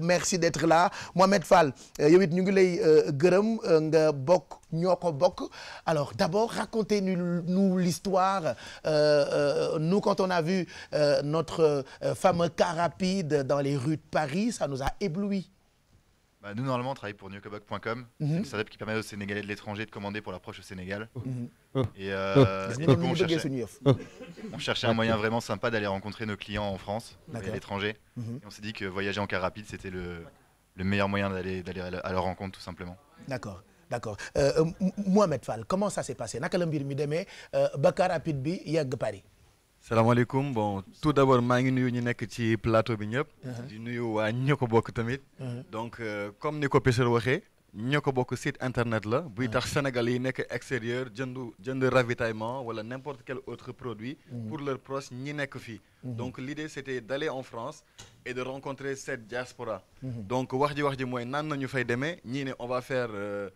merci d'être là Mohamed Fall euh, yow it ñu ngi lay euh, gërëm euh, nga bokk ñoo ko bokk alors d'abord racontez-nous l'histoire nous quand on a vu notre fameux car rapide dans les rues de Paris ça nous a ébloui bah, Nous, normalement, on travaille pour newcobac.com. Mm -hmm. C'est qui permet aux Sénégalais de l'étranger de commander pour leur au Sénégal. Oh. Mhm. Oh. Et euh, oh. on cherchait, un moyen vraiment sympa d'aller rencontrer nos clients en France et l'étranger. Mhm. on s'est dit que voyager en car rapide, c'était le, meilleur moyen d'aller à leur rencontre, tout simplement. D'accord. Euh, comment ça s'est passé Nakala mbir mi demee euh, ba bi Paris salaamaaleykum bon tout d'abord maa ngi nuyu ñu nekk ci plateau bi ñëpp. Uh-huh. di nuyu waa ñoo ko bokk tamit. Uh-huh. donc euh, comme ni ko Pécheur waxee. ñoo ko bokk site internet la. buy tax uh-huh. Sénégal yi nekk extérieur jënd jënd ravitaillement wala n'importe quel autre produit. pour leurs proches ñi nekk fii. donc l'idée c'était d'aller en France et de rencontrer cette diaspora. donc wax ji wax ji mooy nan ñu fay demee ñii ne on va faire. Euh,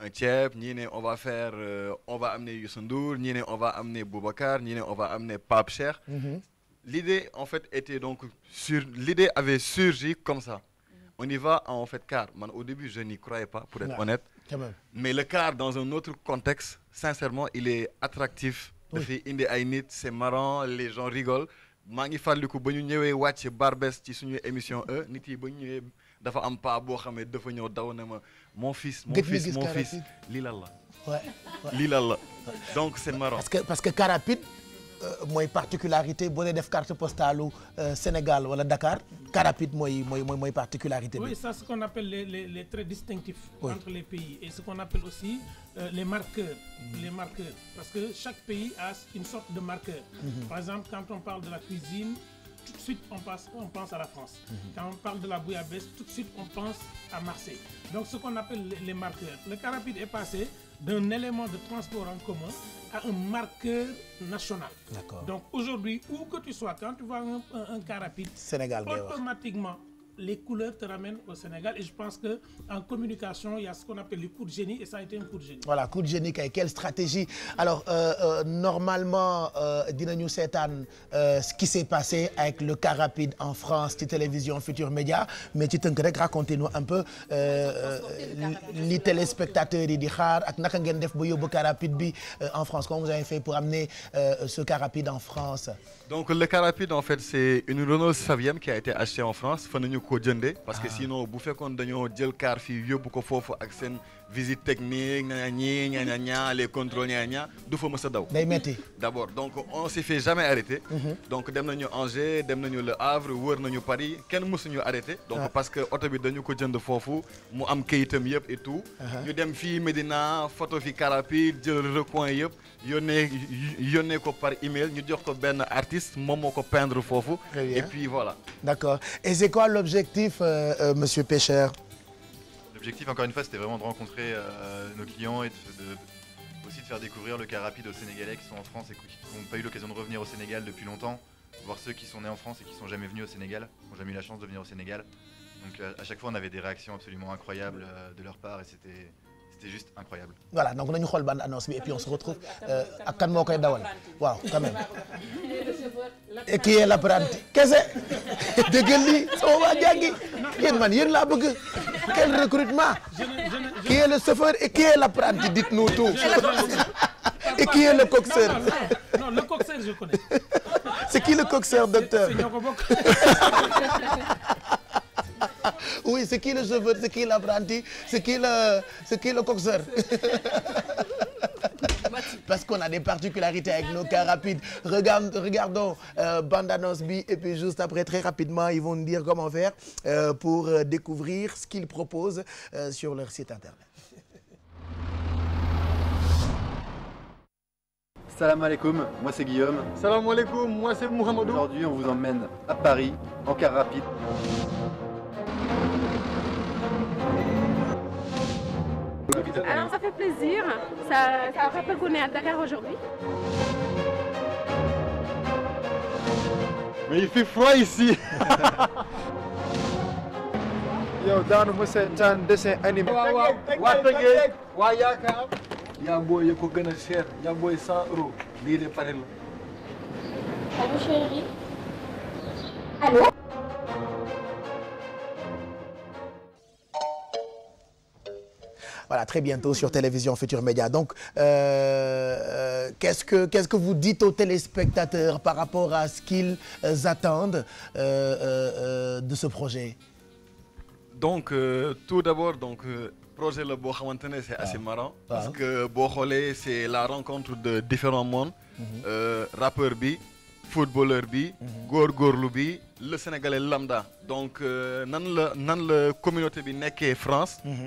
un euh, ceeb ñii ne on va faire euh, on va amener Youssou Ndour ñii ne on va amener Boubacar ñii ne on va amener Pape Cheikh. Mm -hmm. l'idée en fait était donc sur l'idée avait surgi comme ça. Mm. on y va en fait car man au début je n'y croyais pas pour être honnête mais le car dans un autre contexte sincèrement il est attractif dafay indi ay nit c'est marrant les gens rigolent maa ngi fàttaliku ba ñu ñëwee wàcc Barbès ci suñu émission e nit yi ba ñëwee dafa am paa boo xamee dafa ñëw daw ne ma mon fils mon fils mon fils lii lan la lii la donc c'est marrant parce que parce que car rapide euh, mooy particularité boo dee def carte postale euh, Sénégal wala Dakar car mooy mooy mooy particularité bi oui ça ce qu'on appelle les les les traits distinctifs entre les pays et ce qu'on appelle aussi euh, les marqueurs mm-hmm. les parce que chaque pays a une sorte de marqueur mm-hmm. par exemple quand on parle de la cuisine tout de suite on passe, on pense à la France. Mm -hmm. Quand on parle de la bouillabaisse, tout de suite on pense à Marseille. Donc ce qu'on appelle les, les, marqueurs. Le car rapide est passé d'un élément de transport en commun à un marqueur national. Donc aujourd'hui, où que tu sois, quand tu vois un, un, un car rapide, Sénégal, automatiquement... Ouais. les couleurs te Sénégal. Et je pense qu'en communication, il y a ce qu'on appelle le coup de génie et ça a été un coup de génie. Voilà, coup de génie kay quelle stratégie. Euh, euh, normalement, euh, dinañu seetaan ce qui s'est passé avec le cas rapide en France ci télévision Futur Média mais ci tënk rek racontez-nous un peu li téléspectateurs yi di xaar ak naka ngeen def ba yóbbu car rapide bi en France comment vous avez fait pour amener ce car rapide en France. Donc le car rapide en fait c'est une Renault Savième qui a été achetée en France. Fa nañu ko jënde parce que ah. sinon bu fekkoon dañoo jël kaar fii yóbbu ko foofu ak seen visite technique ña ñi ña ña les contrôles ña ña du fa mës a daw. day metti d' abord donc on s' est fait jamais arrêter. Mhm. donc dem nañu Angers dem nañu Le Havre wër nañu Paris kenn mësuñu arrêté. donc ah. parce que oto bi dañu ko jënd foofu mu am kayitam yëpp et tout. Ah ñu dem fii Médina photo fi Carapide jël recoin yëpp yónnee yónnee ko par email ñu jox ko benn artiste moom moo ko pendre foofu. et puis l'objectif, euh, euh, monsieur Pêcheur L'objectif, encore une fois, c'était vraiment de rencontrer euh, nos clients et de, faire découvrir le cas rapide aux Sénégalais qui sont en France et qui n'ont pas eu l'occasion de revenir au Sénégal depuis longtemps, voir ceux qui sont nés en France et qui sont jamais venus au Sénégal. Donc à chaque fois on avait des réactions absolument incroyables de leur part et c'était c'était juste incroyable. voilà donc nañu xool bande annonce bi euh, ak kan moo koy dawal waaw quand même. et qui est l'apprenti kese dégg nga lii waa jàngi yéen man yéen laa bëgg quel recrutement. qui est le chauffeur et qui est l'apprenti dites-nous tout. et qui le coxeur. non le le coxeur docteur. oui c'est qui le chauffeur c'est qui l'apprenti c'est qui le c'est qui le coxeur parce qu'on a des particularités avec nos cars rapides regardons euh, et puis juste après très rapidement ils vont nous dire comment faire euh, pour euh, découvrir ce qu'ils proposent euh, sur leur site internet. Alors plaisir, ça, ça rappelle qu'on est aujourd'hui. Mais il fait froid yow daanu ma seetaan dessin animé. waaw waaw waa Tëngéej waa Yaakaar. Yamboo yi ko gën a cher lii de pare la. allo chérie. à très bientôt sur Télévision Futur Média donc euh, euh qu'est-ce que qu'est-ce vous dites aux téléspectateurs par rapport à ce qu'ils euh, attendent euh, euh, de ce projet donc tout d'abord donc projet la boo xamante ne c'est assez ah. marrant ah. parce que boo xoolee c'est la rencontre de différents mondes mhm. rappeur bi footballeur bi mhm. góorgóorlu bi le sénégalais lambda donc nan communauté bi nekkee France mhm.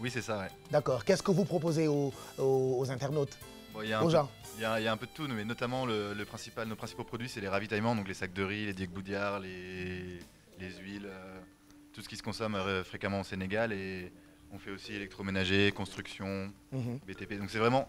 Oui, c'est ça, ouais. D'accord. Qu'est-ce que vous proposez aux, aux, aux internautes bon, y a Aux gens il y, a, il y, a un peu de tout, mais notamment le, le principal, nos principaux produits, c'est les ravitaillements, donc les sacs de riz, les diecs boudiards, les, les huiles, euh, tout ce qui se consomme euh, fréquemment au Sénégal. Et on fait aussi électroménager, construction, mmh. BTP. Donc c'est vraiment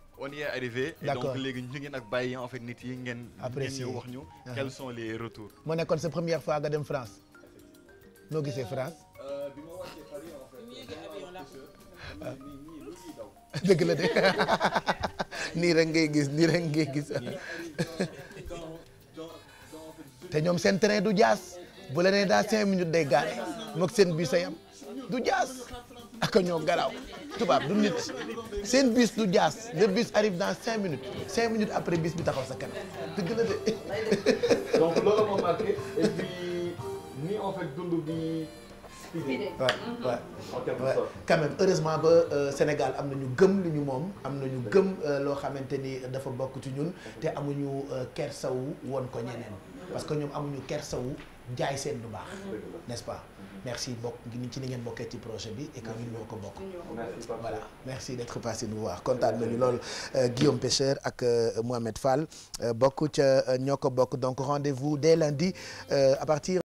on y est arrivé. et donc léegi ñu ngeen ak bàyyi en fait nit yi ngeen. apprécié ngeen ñu wax ñu. Uh-huh. quels sont les retours. mu nekkoon sa première fois nga dem France. noo gisee France. bi de nii rek ngay gis nii rek ngay gis. te ñoom seen train du jaas. bu la nee dans cinq minutes day gaare moog seen bus a yam du jaas ak ñoo garaaw. tubaab du nit seen bis du jaas le bis arrive dans cinq minutes cinq minutes après bis bi taxaw sa kanam dëgg la de. donc loolu moo marqué heureusement ba euh, Sénégal am na ñu gëm lu ñu moom am na ñu gëm euh, loo xamante ni dafa bokk ci ñun te amuñu euh, kersawu woon ko ñeneen parce que ñoom amuñu kersawu jaay seen lu baax n'est-ce pas merci bokk ci ni ngeen bokkee ci projet bi et que ñun ñoo ko bokk voilà merci d'être passé nous voir kontaan nañu lool euh, Guillaume Pécheur ak euh, Mohamed Fall euh, bokk ca ñoo ko bokk donc rendez-vous dès lundi à partir